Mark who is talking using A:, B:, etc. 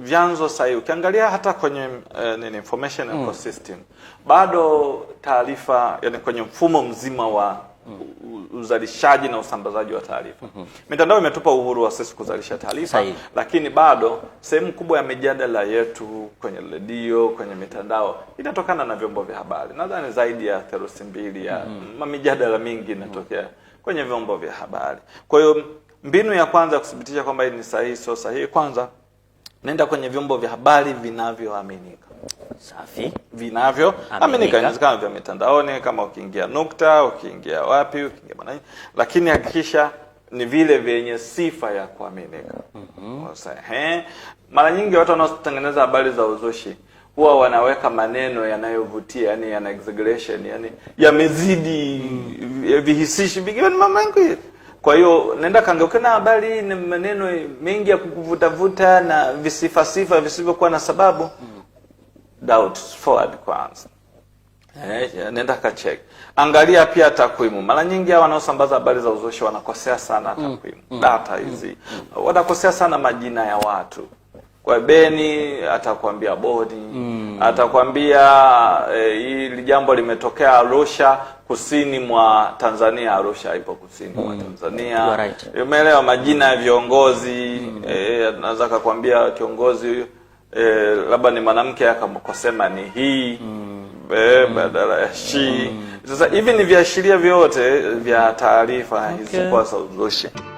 A: vyanzo sahihi. Ukiangalia hata kwenye eh, nini information mm. ecosystem bado taarifa, yani kwenye mfumo mzima wa mm. uzalishaji na usambazaji wa taarifa mm -hmm. Mitandao imetupa uhuru wa sisi kuzalisha taarifa, lakini bado sehemu kubwa ya mijadala yetu kwenye redio, kwenye mitandao inatokana na vyombo vya habari. Nadhani zaidi ya theluthi mbili ya mm -hmm. mijadala mingi inatokea mm -hmm. kwenye vyombo vya habari. Kwa hiyo mbinu ya kwanza ya kuthibitisha kwamba hii ni sahihi sio sahihi, kwanza Nenda kwenye vyombo vya habari vinavyoaminika. Safi, vinavyoaminika, inawezekana vya mitandaoni, kama ukiingia Nukta, ukiingia wapi, ukiingia Mwananchi, lakini hakikisha ni vile vyenye sifa ya kuaminika. mm -hmm. Mara nyingi watu wanaotengeneza habari za uzushi huwa wanaweka maneno yanayovutia, yani yana exaggeration, yani yamezidi mm. vihisishi vingi, mambo mengi kwa hiyo nenda kangeuke na habari ni maneno mengi ya kukuvutavuta na visifasifa visivyokuwa na sababu mm. doubt forward kwanza. Eh, nenda kacheki. Angalia pia takwimu. Mara nyingi hao wanaosambaza habari za uzushi wanakosea sana mm. takwimu. Mm. Data hizi. Mm. mm. Wanakosea sana majina ya watu kwa Beni atakwambia bodi mm. atakwambia e, hili jambo limetokea Arusha, kusini mwa Tanzania. Arusha ipo kusini mm. mwa Tanzania right. Umeelewa majina ya viongozi mm. e, eh, naweza kakwambia kiongozi e, labda ni mwanamke akakosema ni hii mm. e, badala ya mm. shi mm. Sasa hivi ni viashiria vyote vya taarifa okay. hizi kwa solution